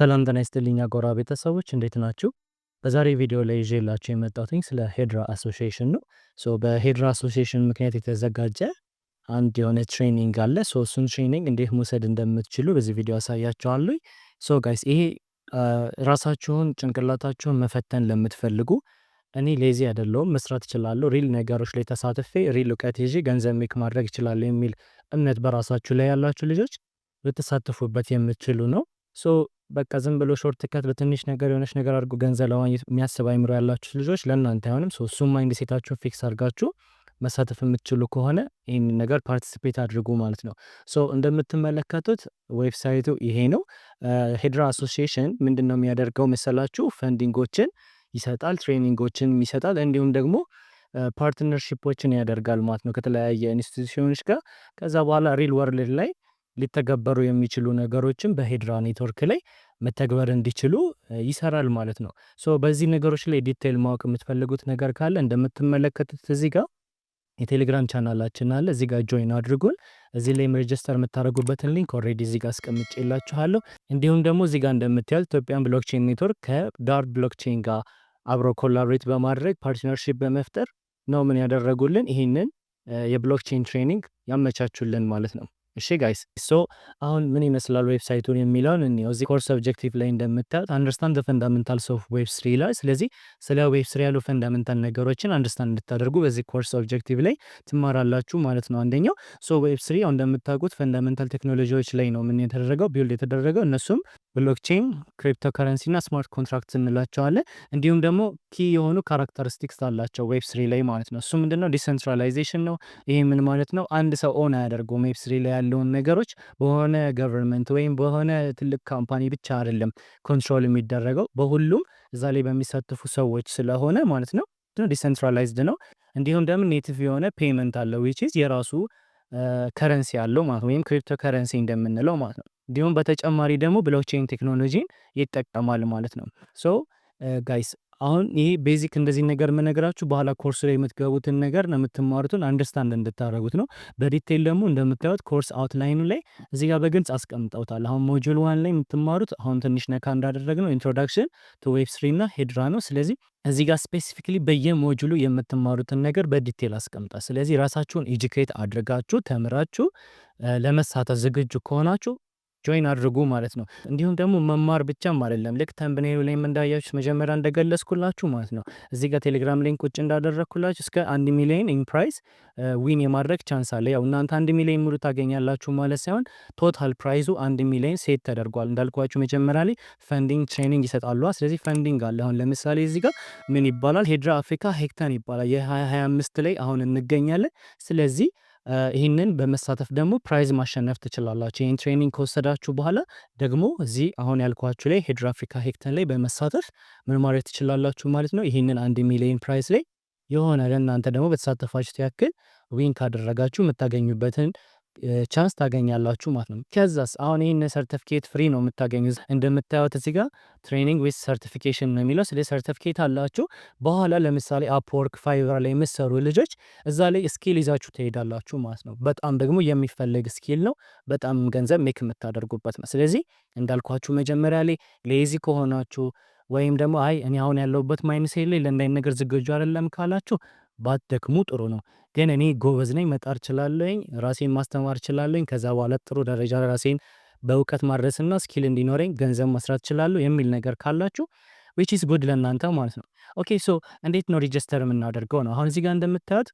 ሰላም ጤና ይስጥልኝ አጎራ ቤተሰቦች እንዴት ናችሁ? በዛሬ ቪዲዮ ላይ ይዤላችሁ የመጣሁትኝ ስለ ሄድራ አሶሲሽን ነው። በሄድራ አሶሲሽን ምክንያት የተዘጋጀ አንድ የሆነ ትሬኒንግ አለ። እሱን ትሬኒንግ እንዴት መውሰድ እንደምትችሉ በዚህ ቪዲዮ አሳያችኋለሁ። ሶ ጋይስ ይሄ ራሳችሁን ጭንቅላታችሁን መፈተን ለምትፈልጉ እኔ ሌዚ አይደለሁም፣ መስራት እችላለሁ፣ ሪል ነገሮች ላይ ተሳትፌ ሪል እውቀት ይዤ ገንዘብ ሜክ ማድረግ እችላለሁ የሚል እምነት በራሳችሁ ላይ ያላችሁ ልጆች ልትሳተፉበት የምትችሉ ነው። በቃ ዝም ብሎ ሾርት ከት በትንሽ ነገር የሆነች ነገር አድርጎ ገንዘብ ለማግኘት የሚያስብ አይምሮ ያላችሁ ልጆች ለእናንተ አይሆንም። እሱም ማይንድ ሴታችሁን ፊክስ አድርጋችሁ መሳተፍ የምትችሉ ከሆነ ይህን ነገር ፓርቲሲፔት አድርጉ ማለት ነው። ሶ እንደምትመለከቱት ዌብሳይቱ ይሄ ነው። ሄድራ አሶሲሽን ምንድን ነው የሚያደርገው መሰላችሁ? ፈንዲንጎችን ይሰጣል፣ ትሬኒንጎችን ይሰጣል፣ እንዲሁም ደግሞ ፓርትነርሺፖችን ያደርጋል ማለት ነው ከተለያየ ኢንስቲቱሽኖች ጋር ከዛ በኋላ ሪል ወርልድ ላይ ሊተገበሩ የሚችሉ ነገሮችን በሄድራ ኔትወርክ ላይ መተግበር እንዲችሉ ይሰራል ማለት ነው። ሶ በዚህ ነገሮች ላይ ዲቴይል ማወቅ የምትፈልጉት ነገር ካለ እንደምትመለከቱት እዚህ ጋር የቴሌግራም ቻናላችን አለ። እዚህ ጋር ጆይን አድርጉን። እዚህ ላይም ሬጅስተር የምታደርጉበትን ሊንክ ኦልሬዲ እዚህ ጋር አስቀምጬላችኋለሁ። እንዲሁም ደግሞ እዚህ ጋር እንደምታዩት ኢትዮጵያን ብሎክቼን ኔትወርክ ከዳር ብሎክቼን ጋር አብሮ ኮላቦሬት በማድረግ ፓርትነርሺፕ በመፍጠር ነው ምን ያደረጉልን ይህንን የብሎክቼን ትሬኒንግ ያመቻቹልን ማለት ነው። እሺ ጋይስ ሶ አሁን ምን ይመስላል ዌብሳይቱን የሚለውን እኒ እዚህ ኮርስ ኦብጀክቲቭ ላይ እንደምታዩት አንደርስታንድ ፈንዳሜንታልስ ኦፍ ዌብ ስሪ ይላል። ስለዚህ ስለ ዌብ ስሪ ያሉ ፈንዳሜንታል ነገሮችን አንደርስታንድ እንድታደርጉ በዚህ ኮርስ ኦብጀክቲቭ ላይ ትማራላችሁ ማለት ነው። አንደኛው ሶ ዌብ ስሪ ያው እንደምታውቁት ፈንዳሜንታል ቴክኖሎጂዎች ላይ ነው ምን የተደረገው ቢውልድ የተደረገው እነሱም ብሎክቼን፣ ክሪፕቶከረንሲ እና ስማርት ኮንትራክት እንላቸዋለን። እንዲሁም ደግሞ ኪ የሆኑ ካራክተሪስቲክስ አላቸው ዌብ ስሪ ላይ ማለት ነው። እሱ ምንድነው? ዲሰንትራላይዜሽን ነው። ይሄ ምን ማለት ነው? አንድ ሰው ኦን አያደርገውም። ዌብ ስሪ ላይ ያለውን ነገሮች በሆነ ገቨርንመንት ወይም በሆነ ትልቅ ካምፓኒ ብቻ አይደለም ኮንትሮል የሚደረገው በሁሉም እዛ ላይ በሚሳተፉ ሰዎች ስለሆነ ማለት ነው። ዲሰንትራላይዝድ ነው። እንዲሁም ደግሞ ኔቲቭ የሆነ ፔመንት አለው ዊች ኢዝ የራሱ ከረንሲ አለው ማለት ወይም ክሪፕቶ ከረንሲ እንደምንለው ማለት ነው። እንዲሁም በተጨማሪ ደግሞ ብሎክቼን ቴክኖሎጂን ይጠቀማል ማለት ነው። ሶ ጋይስ አሁን ይሄ ቤዚክ እንደዚህ ነገር የምነግራችሁ በኋላ ኮርስ ላይ የምትገቡትን ነገር የምትማሩትን አንደርስታንድ እንድታደረጉት ነው። በዲቴይል ደግሞ እንደምታዩት ኮርስ አውትላይኑ ላይ እዚህ ጋር በግልጽ አስቀምጠውታል። አሁን ሞጁል ዋን ላይ የምትማሩት አሁን ትንሽ ነካ እንዳደረግ ነው ኢንትሮዳክሽን ቱ ዌብ ስሪ እና ሄድራ ነው። ስለዚህ እዚህ ጋር ስፔሲፊክሊ በየሞጁሉ የምትማሩትን ነገር በዲቴይል አስቀምጣል። ስለዚህ ራሳችሁን ኤጁኬት አድርጋችሁ ተምራችሁ ለመሳተፍ ዝግጁ ከሆናችሁ ጆይን አድርጉ ማለት ነው። እንዲሁም ደግሞ መማር ብቻም አይደለም። ልክ ተንብኔሉ ላይም እንዳያችሁ መጀመሪያ እንደገለጽኩላችሁ ማለት ነው እዚህ ጋር ቴሌግራም ሊንክ ውጭ እንዳደረግኩላችሁ እስከ አንድ ሚሊዮን ኢን ፕራይስ ዊን የማድረግ ቻንስ አለ። ያው እናንተ አንድ ሚሊዮን ሙሉ ታገኛላችሁ ማለት ሳይሆን ቶታል ፕራይዙ አንድ ሚሊዮን ሴት ተደርጓል። እንዳልኳችሁ መጀመሪያ ላይ ፈንዲንግ ትሬኒንግ ይሰጣሉ። ስለዚህ ፈንዲንግ አለ። አሁን ለምሳሌ እዚህ ጋር ምን ይባላል ሄድራ አፍሪካ ሄክታን ይባላል። የ2025 ላይ አሁን እንገኛለን። ስለዚህ ይህንን በመሳተፍ ደግሞ ፕራይዝ ማሸነፍ ትችላላችሁ። ይህን ትሬኒንግ ከወሰዳችሁ በኋላ ደግሞ እዚህ አሁን ያልኳችሁ ላይ ሄድር አፍሪካ ሄክተን ላይ በመሳተፍ ምን ማድረግ ትችላላችሁ ማለት ነው። ይህንን አንድ ሚሊዮን ፕራይዝ ላይ የሆነ ለእናንተ ደግሞ በተሳተፋችሁ ያክል ዊን ካደረጋችሁ የምታገኙበትን ቻንስ ታገኛላችሁ ማለት ነው። ከዛስ አሁን ይህን ሰርቲፊኬት ፍሪ ነው የምታገኙ። እንደምታዩት እዚህ ጋር ትሬኒንግ ዊዝ ሰርቲፊኬሽን ነው የሚለው። ስለ ሰርቲፊኬት አላችሁ። በኋላ ለምሳሌ አፕወርክ፣ ፋይቨር ላይ የምሰሩ ልጆች እዛ ላይ ስኪል ይዛችሁ ትሄዳላችሁ ማለት ነው። በጣም ደግሞ የሚፈለግ ስኪል ነው። በጣም ገንዘብ ሜክ የምታደርጉበት ነው። ስለዚህ እንዳልኳችሁ መጀመሪያ ላይ ሌዚ ከሆናችሁ ወይም ደግሞ አይ እኔ አሁን ያለሁበት ማይንሴ ላይ ለእንዳይን ነገር ዝግጁ አይደለም ካላችሁ ባትደክሙ ጥሩ ነው። ግን እኔ ጎበዝ ነኝ፣ መጣር ችላለኝ፣ ራሴን ማስተማር ችላለኝ፣ ከዛ በኋላ ጥሩ ደረጃ ራሴን በእውቀት ማድረስና ስኪል እንዲኖረኝ ገንዘብ መስራት ችላለሁ የሚል ነገር ካላችሁ ዊች ጉድ ለእናንተ ማለት ነው። ኦኬ ሶ እንዴት ነው ሪጅስተር የምናደርገው ነው። አሁን እዚህ ጋር እንደምታዩት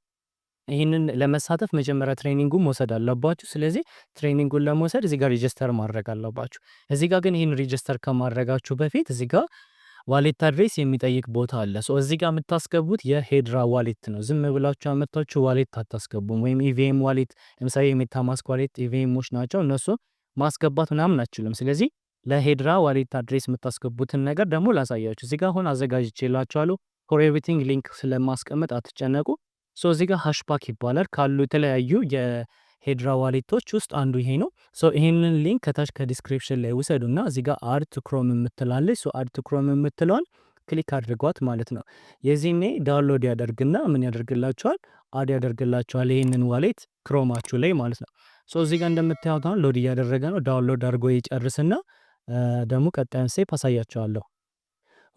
ይህንን ለመሳተፍ መጀመሪያ ትሬኒንጉን መውሰድ አለባችሁ። ስለዚህ ትሬኒንጉን ለመውሰድ እዚህ ጋር ሪጅስተር ማድረግ አለባችሁ። እዚህ ጋር ግን ይህን ሪጅስተር ከማድረጋችሁ በፊት እዚህ ጋር ዋሌት አድሬስ የሚጠይቅ ቦታ አለ። ሶ እዚህ ጋር የምታስገቡት የሄድራ ዋሌት ነው። ዝም ብላችሁ አመታችሁ ዋሌት አታስገቡም። ወይም ኢቪኤም ዋሌት ለምሳሌ የሜታማስክ ዋሌት ኢቪኤሞች ናቸው። እነሱ ማስገባት ምናምን አችልም። ስለዚህ ለሄድራ ዋሌት አድሬስ የምታስገቡትን ነገር ደግሞ ላሳያችሁ። እዚህ ጋር አሁን አዘጋጅቼላችኋለሁ። ፎር ኤቭሪቲንግ ሊንክ ስለማስቀመጥ አትጨነቁ። ሶ እዚህ ጋር ሃሽፓክ ይባላል ካሉ የተለያዩ ሄድራ ዋሌቶች ውስጥ አንዱ ይሄ ነው። ሶ ይሄንን ሊንክ ከታች ከዲስክሪፕሽን ላይ ውሰዱ እና እዚህ ጋር አድ ቱ ክሮም የምትላለች አድ ቱ ክሮም የምትለዋል ክሊክ አድርጓት ማለት ነው። የዚህኔ ዳውንሎድ ያደርግና ምን ያደርግላቸዋል? አድ ያደርግላቸዋል ይህንን ዋሌት ክሮማችሁ ላይ ማለት ነው። እዚ ጋ እንደምታዩት አሁን ሎድ እያደረገ ነው። ዳውንሎድ አድርጎ ይጨርስና ደግሞ ቀጣዩን ሴፕ አሳያቸዋለሁ።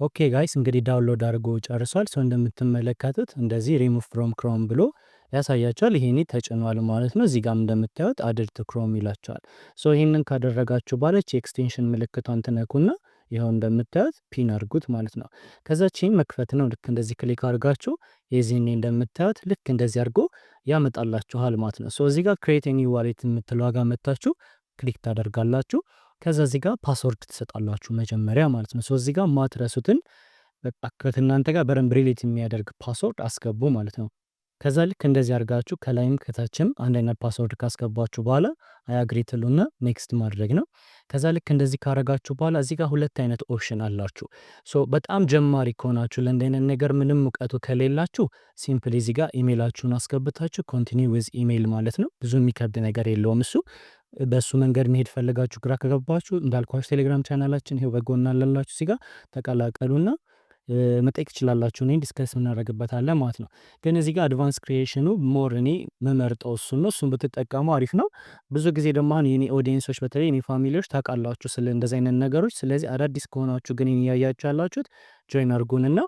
ኦኬ ጋይስ እንግዲህ ዳውንሎድ አድርጎ ጨርሷል። ሰው እንደምትመለከቱት እንደዚህ ሪሙቭ ፍሮም ክሮም ብሎ ያሳያቸዋል። ይሄኒ ተጭኗል ማለት ነው። እዚህ ጋም እንደምታዩት አድድ ትክሮም ይላቸዋል። ሶ ይህንን ካደረጋችሁ ባለች የኤክስቴንሽን ምልክቷን ትነኩና ይኸው እንደምታዩት ፒን አርጉት ማለት ነው። ከዛችን መክፈት ነው። ልክ እንደዚህ ክሊክ አርጋችሁ የዚህኔ እንደምታዩት ልክ እንደዚህ አርጎ ያመጣላችኋል ማለት ነው። ሶ እዚህ ጋር ክሬት ኒ ዋሌት የምትለዋ ዋጋ መታችሁ ክሊክ ታደርጋላችሁ። ከዛ እዚህ ጋር ፓስወርድ ትሰጣላችሁ መጀመሪያ ማለት ነው። ሶ እዚህ ጋር ማትረሱትን በቃ ከእናንተ ጋር በደንብ ሪሌት የሚያደርግ ፓስወርድ አስገቡ ማለት ነው። ከዛ ልክ እንደዚህ አድርጋችሁ ከላይም ከታችም አንድ አይነት ፓስወርድ ካስገባችሁ በኋላ አያግሪ ትሉና ኔክስት ማድረግ ነው። ከዛ ልክ እንደዚህ ካረጋችሁ በኋላ እዚህ ጋር ሁለት አይነት ኦፕሽን አላችሁ። ሶ በጣም ጀማሪ ከሆናችሁ ለእንደ አይነት ነገር ምንም እውቀቱ ከሌላችሁ ሲምፕሊ እዚህ ጋር ኢሜይላችሁን አስገብታችሁ ኮንቲኒ ዊዝ ኢሜይል ማለት ነው። ብዙ የሚከብድ ነገር የለውም እሱ በእሱ መንገድ መሄድ ፈለጋችሁ ግራ ከገባችሁ እንዳልኳችሁ ቴሌግራም ቻናላችን ይሄው በጎና አለላችሁ ሲጋ ተቀላቀሉና መጠየቅ ትችላላችሁ እኔን ዲስከስ እናደርግበታለን ማለት ነው። ግን እዚህ ጋር አድቫንስ ክሪኤሽኑ ሞር እኔ መመርጠው እሱ ነው። እሱን ብትጠቀሙ አሪፍ ነው። ብዙ ጊዜ ደግሞ አሁን የኔ ኦዲየንሶች በተለይ የኔ ፋሚሊዎች ታውቃላችሁ ስለ እንደዚህ አይነት ነገሮች። ስለዚህ አዳዲስ ከሆናችሁ ግን ያያችሁ ያላችሁት ጆይን አርጉንና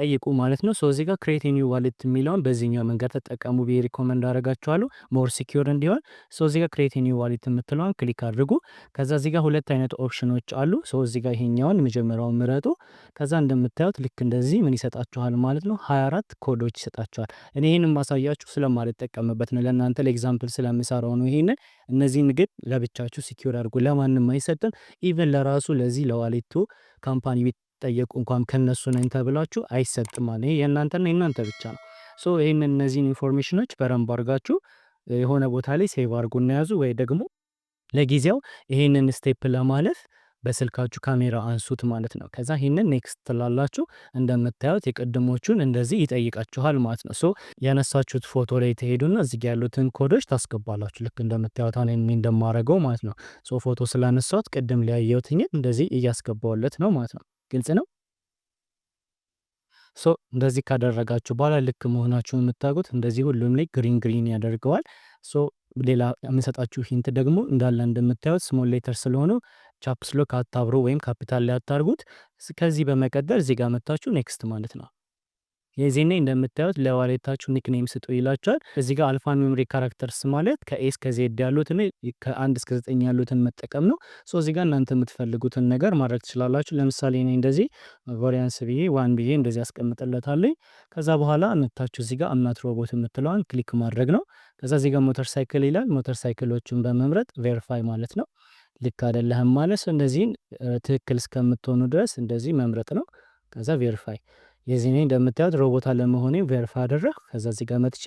ጠይቁ ማለት ነው። ሶ እዚህ ጋር ክሬት ኒው ዋሌት የሚለውን በዚህኛው መንገድ ተጠቀሙ ብዬ ሪኮመንድ አደርጋችኋለሁ ሞር ሲኪር እንዲሆን። ሶ እዚህ ጋር ክሬት ኒው ዋሌት የምትለውን ክሊክ አድርጉ። ከዛ ዚጋ ሁለት አይነት ኦፕሽኖች አሉ። ሶ ጋር ይሄኛውን መጀመሪያውን ምረጡ። ከዛ እንደምታዩት ልክ እንደዚህ ምን ይሰጣችኋል ማለት ነው 24 ኮዶች ይሰጣችኋል። እኔ ይህን ማሳያችሁ ስለማልጠቀምበት ነው ለእናንተ ለኤግዛምፕል ስለምሰራው ነው። ይሄን እነዚህን ግን ለብቻችሁ ሲኪር አድርጉ። ለማንም አይሰጥም። ኢቨን ለራሱ ለዚህ ለዋሌቱ ካምፓኒ ብትጠየቁ እንኳን ከነሱ ነኝ ተብላችሁ አይሰጥም ማለት ይሄ የእናንተና የእናንተ ብቻ ነው። ሶ ይህን እነዚህን ኢንፎርሜሽኖች በደንብ አርጋችሁ የሆነ ቦታ ላይ ሴቭ አርጉ እናያዙ ወይ ደግሞ ለጊዜው ይህንን ስቴፕ ለማለፍ በስልካችሁ ካሜራ አንሱት ማለት ነው። ከዛ ይህንን ኔክስት ትላላችሁ። እንደምታዩት የቅድሞቹን እንደዚህ ይጠይቃችኋል ማለት ነው። ሶ ያነሳችሁት ፎቶ ላይ ትሄዱና እዚህ ያሉትን ኮዶች ታስገባላችሁ። ልክ እንደምታዩት አሁን እንደማረገው ማለት ነው። ሶ ፎቶ ስላነሳሁት ቅድም ሊያየሁትኝን እንደዚህ እያስገባውለት ነው ማለት ነው። ግልጽ ነው። ሶ እንደዚህ ካደረጋችሁ በኋላ ልክ መሆናችሁን የምታውቁት እንደዚህ ሁሉም ላይ ግሪን ግሪን ያደርገዋል። ሶ ሌላ የምሰጣችሁ ሂንት ደግሞ እንዳለ እንደምታዩት ስሞል ሌተር ስለሆኑ ቻፕስሎክ አታብሮ ወይም ካፒታል ላይ አታርጉት። ከዚህ በመቀጠል እዚህ ጋር መታችሁ ኔክስት ማለት ነው። የዚህኔ እንደምታዩት ለዋሌታችሁ ኒክኔም ስጡ ይላቸዋል። እዚህ ጋር አልፋ ሜሞሪ ካራክተርስ ማለት ከኤ እስከ ዜድ ያሉትን ከአንድ እስከ ዘጠኝ ያሉትን መጠቀም ነው። ሶ እዚህ ጋር እናንተ የምትፈልጉትን ነገር ማድረግ ትችላላችሁ። ለምሳሌ እኔ እንደዚህ ቫሪያንስ ብዬ ዋን ብዬ እንደዚህ ያስቀምጥለታለኝ። ከዛ በኋላ መታችሁ እዚህ ጋር አምናት ሮቦት የምትለዋን ክሊክ ማድረግ ነው። ከዛ እዚህ ጋር ሞተር ሳይክል ይላል። ሞተር ሳይክሎቹን በመምረጥ ቬሪፋይ ማለት ነው ልክ አይደለህም ማለት እንደዚህን ትክክል እስከምትሆኑ ድረስ እንደዚህ መምረጥ ነው። ከዛ ቬሪፋይ የዚህ ነኝ እንደምታዩት ሮቦት አለመሆኔ ቬሪፋይ አደረግ። ከዛ እዚህ ጋር መጥቼ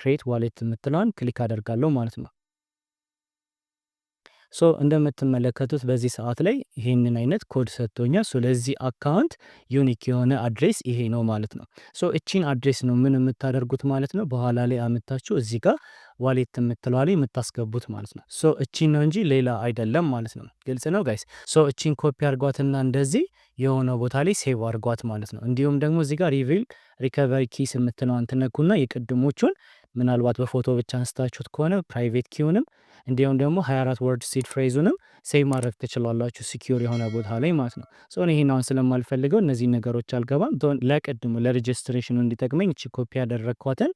ክሬት ዋሌት የምትለዋን ክሊክ አደርጋለሁ ማለት ነው። ሶ እንደምትመለከቱት በዚህ ሰዓት ላይ ይህንን አይነት ኮድ ሰጥቶኛል። ሶ ለዚህ አካውንት ዩኒክ የሆነ አድሬስ ይሄ ነው ማለት ነው። ሶ እቺን አድሬስ ነው ምን የምታደርጉት ማለት ነው በኋላ ላይ አምታችሁ እዚህ ጋር ዋሌት የምትለዋ ላይ የምታስገቡት ማለት ነው። ሶ እቺን ነው እንጂ ሌላ አይደለም ማለት ነው። ግልጽ ነው ጋይስ። ሶ እቺን ኮፒ አርጓትና እንደዚህ የሆነ ቦታ ላይ ሴቭ አርጓት ማለት ነው። እንዲሁም ደግሞ እዚህ ጋር ሪቪል ሪከቨሪ ኪስ የምትለዋን ትነኩና የቅድሞቹን ምናልባት በፎቶ ብቻ አንስታችሁት ከሆነ ፕራይቬት ኪውንም እንዲሁም ደግሞ 24 ወርድ ሲድ ፍሬዙንም ሴቭ ማድረግ ትችላላችሁ ሲኪር የሆነ ቦታ ላይ ማለት ነው። ሆነ ይህን አሁን ስለማልፈልገው እነዚህ ነገሮች አልገባም። ለቅድሙ ለሬጅስትሬሽኑ እንዲጠቅመኝ እቺ ኮፒ ያደረግኳትን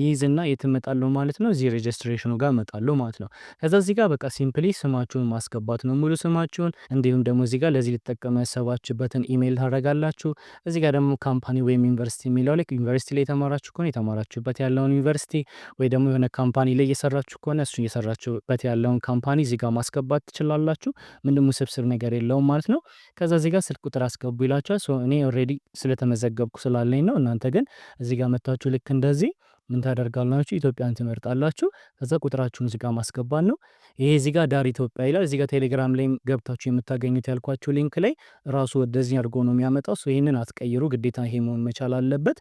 ይይዝና የት እመጣለሁ ማለት ነው። እዚህ ሬጅስትሬሽኑ ጋር እመጣለሁ ማለት ነው። ከዛ እዚህ ጋር በቃ ሲምፕሊ ስማችሁን ማስገባት ነው፣ ሙሉ ስማችሁን። እንዲሁም ደግሞ እዚህ ጋር ለዚህ ልጠቀም ያሰባችሁበትን ኢሜይል ታደርጋላችሁ። እዚህ ጋር ደግሞ ካምፓኒ ወይም ዩኒቨርሲቲ የሚለው ላይ ዩኒቨርሲቲ ላይ የተማራችሁ ከሆነ የተማራችሁበት ያለውን ዩኒቨርሲቲ ወይ ደግሞ የሆነ ካምፓኒ ላይ እየሰራችሁ ከሆነ እሱ እየሰራችሁበት ያለውን ካምፓኒ እዚህ ጋር ማስገባት ትችላላችሁ። ምንም ውስብስብ ነገር የለውም ማለት ነው። ከዛ እዚህ ጋር ስልክ ቁጥር አስገቡ ይላችኋል። እኔ ኦልሬዲ ስለተመዘገብኩ ስላለኝ ነው። እናንተ ግን እዚህ ጋር መታችሁ ልክ እንደዚህ ምን ታደርጋላችሁ? ኢትዮጵያን ትመርጣላችሁ ከዛ ቁጥራችሁን እዚህ ጋር ማስገባት ነው። ይሄ እዚህ ጋር ዳር ኢትዮጵያ ይላል። እዚህ ጋር ቴሌግራም ላይ ገብታችሁ የምታገኙት ያልኳችሁ ሊንክ ላይ ራሱ ወደዚህ አድርጎ ነው የሚያመጣው። ይህንን አትቀይሩ ግዴታ ይሄ መሆን መቻል አለበት።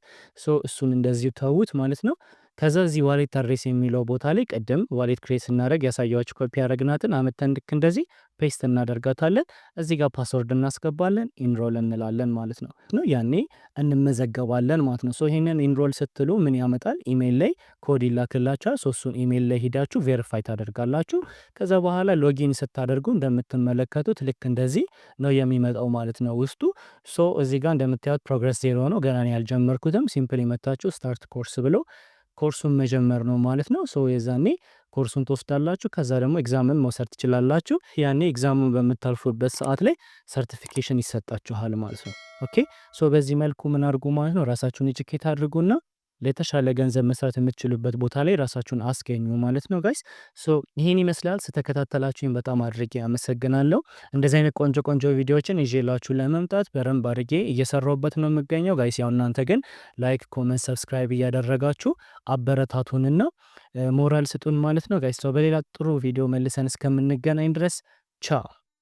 እሱን እንደዚህ ተዉት ማለት ነው። ከዛ እዚህ ዋሌት አድሬስ የሚለው ቦታ ላይ ቅድም ዋሌት ክሬት ስናደረግ ያሳያችሁ ኮፒ ያደረግናትን አመተን ልክ እንደዚህ ፔስት እናደርጋታለን። እዚህ ጋር ፓስወርድ እናስገባለን፣ ኢንሮል እንላለን ማለት ነው ነው ያኔ እንመዘገባለን ማለት ነው። ይህንን ኢንሮል ስትሉ ምን ያመጣል? ኢሜይል ላይ ኮድ ይላክላችኋል። ሶሱን ኢሜይል ላይ ሂዳችሁ ቬሪፋይ ታደርጋላችሁ። ከዛ በኋላ ሎጊን ስታደርጉ እንደምትመለከቱት ልክ እንደዚህ ነው የሚመጣው ማለት ነው ውስጡ። ሶ እዚህ ጋር እንደምታዩት ፕሮግረስ ዜሮ ነው፣ ገና ያልጀመርኩትም። ሲምፕል መታችሁ ስታርት ኮርስ ብሎ ኮርሱን መጀመር ነው ማለት ነው። ሰው የዛኔ ኮርሱን ትወስዳላችሁ። ከዛ ደግሞ ኤግዛምን መውሰድ ትችላላችሁ። ያኔ ኤግዛሙን በምታልፉበት ሰዓት ላይ ሰርቲፊኬሽን ይሰጣችኋል ማለት ነው። ኦኬ ሶ በዚህ መልኩ ምን አድርጉ ማለት ነው ራሳችሁን ኢጅኬት አድርጉና ለተሻለ ገንዘብ መስራት የምትችሉበት ቦታ ላይ ራሳችሁን አስገኙ ማለት ነው ጋይስ። ሶ ይህን ይመስላል። ስተከታተላችሁኝ በጣም አድርጌ አመሰግናለሁ። እንደዚህ አይነት ቆንጆ ቆንጆ ቪዲዮዎችን ይዤላችሁ ለመምጣት በረንብ አድርጌ እየሰራሁበት ነው የምገኘው ጋይስ። ያው እናንተ ግን ላይክ፣ ኮመንት፣ ሰብስክራይብ እያደረጋችሁ አበረታቱንና ሞራል ስጡን ማለት ነው ጋይስ። በሌላ ጥሩ ቪዲዮ መልሰን እስከምንገናኝ ድረስ ቻው።